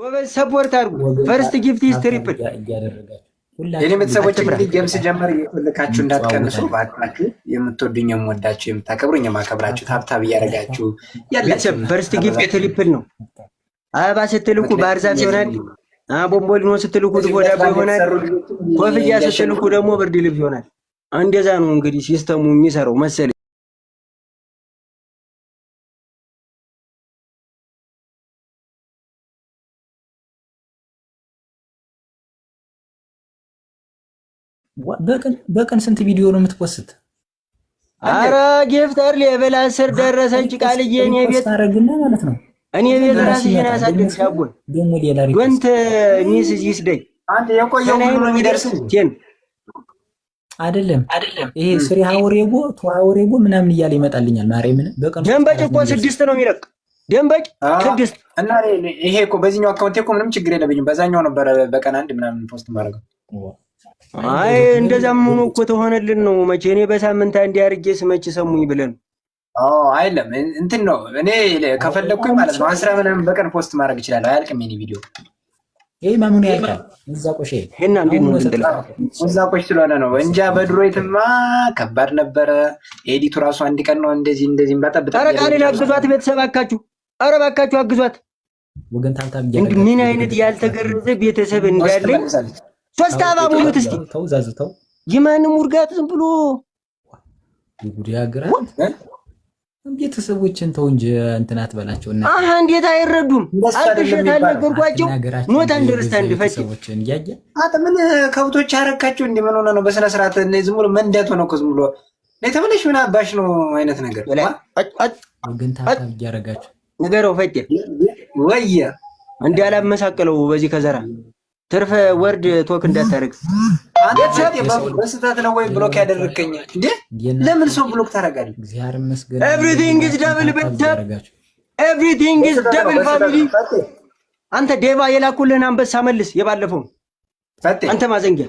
ወበዝ ሰፖርት አድርጉ። ፈርስት ጊፍት ትሪፕል የኔ ቤተሰቦች እንግዲህ ጌም ስጀምር እየፈለካችሁ እንዳትቀንሱ ባካችሁ። የምትወዱኝ የምወዳችሁ የምታከብሩኝ የማከብራችሁ ታብታብ እያደረጋችሁ ቤተሰብ ፈርስት ጊፍት የትሪፕል ነው። አበባ ስትልኩ ባህር ይሆናል። ቦምቦሊኖ ስትልኩ ድፎ ዳቦ ይሆናል። ኮፍያ ስትልኩ ደግሞ ብርድ ልብስ ይሆናል። እንደዛ ነው እንግዲህ ሲስተሙ የሚሰራው መሰለኝ። በቀን ስንት ቪዲዮ ነው የምትወስድ? አረ ጌፍተር ሌቨል አስር ደረሰች ቃልዬ። እኔ ቤት አረግና ማለት ነው እኔ ቤት ራስሽን አሳድግ ሲያጎል ወንት ሚስ ይስደኝ አንድ የቆየው ነው የሚደርስ ቴን አይደለም አይደለም። ይሄ ስሪ ሀወሬጎ ቱ ሀወሬጎ ምናምን እያለ ይመጣልኛል። ማርያምን በቀን ደንበጭ እኮ ስድስት ነው የሚለቅ ደንበጭ ስድስት እና ይሄ እኮ በዚህኛው አካውንቴ እኮ ምንም ችግር የለብኝም። በዛኛው ነበረ በቀን አንድ ምናምን ፖስት ማድረግ አይ እንደዛም ሆኖ እኮ ተሆነልን ነው። መቼ እኔ በሳምንት አንዴ አድርጌ ስመች ሰሙኝ ብለን አዎ፣ አይለም እንትን ነው። እኔ ከፈለግኩኝ ማለት ነው አስራ ምናምን በቀን ፖስት ማድረግ እችላለሁ። አያልቅም የኔ ቪዲዮ። ይህ መሙን ያልካል ዛቆሽ ይሄና ስለሆነ ነው። እንጃ በድሮይትማ ከባድ ነበረ። ኤዲቱ ራሱ አንድ ቀን ነው እንደዚህ እንደዚህ ባጠብጣ። ኧረ ቃሌን አግዟት ቤተሰብ አካችሁ፣ ኧረ ባካችሁ አግዟት። ወገን ታንታ ምን አይነት ያልተገረዘ ቤተሰብ እንዳለኝ ሶስት አበባ ሙሉት እስቲ ተውዛዝተው የማንም ውርጋት ዝም ብሎ ጉድ ያግራን ቤተሰቦችን ተው እንጂ እንትን አትበላቸው። እና አሃ እንዴት አይረዱም? አልብሸት አልነገርኳቸው ኖት አንደርስታንድ ፈጭ አጥ ምን ከብቶች አረካቸው እንዴ? ምን ሆነ ነው? በስነ ስርዓት እንደ ዝም ብሎ መንዳት ሆነ እኮ ዝም ብሎ ነው ተብለሽ ምን አባሽ ነው አይነት ነገር ግን ታታ እያረጋቸው ነገረው ፈጭ ወየ እንዲህ አላመሳቀለው በዚህ ከዘራ ትርፍ ወርድ ቶክ እንዳታደርግ ነው ወይ ብሎክ ያደረገኛል እንዴ? ለምን ሰው ብሎክ ታደርጋለህ? ኤቭሪቲንግ ኢዝ ደብል ኤቭሪቲንግ ኢዝ ደብል ፋሚሊ። አንተ ዴቫ የላኩልህን አንበሳ መልስ። የባለፈው አንተ ማዘንጊያ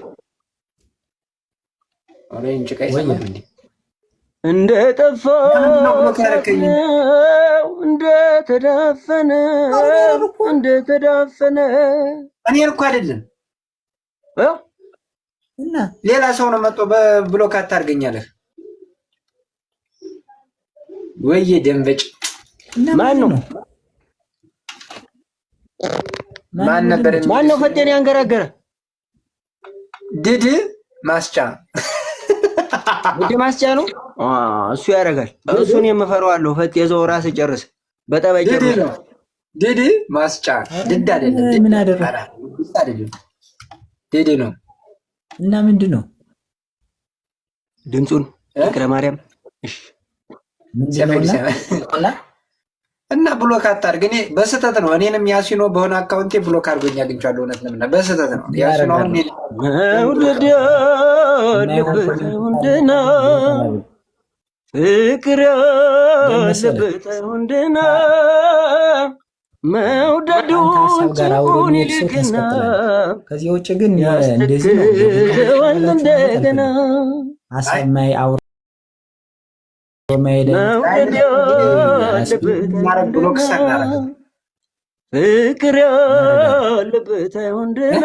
እንደ ጠፋው እንደ ተዳፈነ እንደ ተዳፈነ እኔን እኮ አይደለም እና ሌላ ሰው ነው መጥቶ በብሎክ አታርገኛለህ ወይዬ ደንበጭ ማን ነው ማን ነበር ማን ነው ፈጤን ያንገራገረ ድድ ማስጫ ድድ ማስጫ ነው እሱ ያደርጋል። እሱን የምፈረው አለው ፈት የዘው ራስ ጨርስ በጠበቂ ዴዴ ማስጫ ድድ አይደለም። ምን አደረገ? ዴዴ ነው እና ምንድን ነው ድምፁን ፍቅረ ማርያም እና ብሎክ አታድርግ። እኔ በስህተት ነው እኔንም ያሲኖ በሆነ አካውንቴ ብሎክ አድርጎኝ አግኝቻለሁ። እውነት እና በስህተት ነው ያሲኖ ፍቅር ያለበት ወንድና መውደዱ ጭቁን ከዚህ ውጭ ግን እንደዚህ እንደገና አሰማይ አውራ ፍቅር ያለበት ወንድና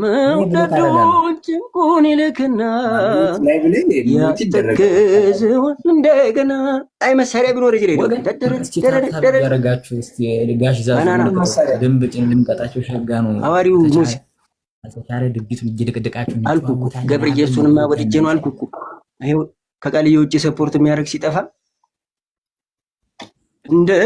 መውደዱን ጭንቁን ይልክና ያተገዘውን እንደገና አይ መሳሪያ ቢኖር ሙሴ አልኩ እኮ ገብርዬ እሱንማ ወድጄ ነው አልኩ እኮ። ከቃልዬ ውጭ ሰፖርት የሚያደርግ ሲጠፋ እንደ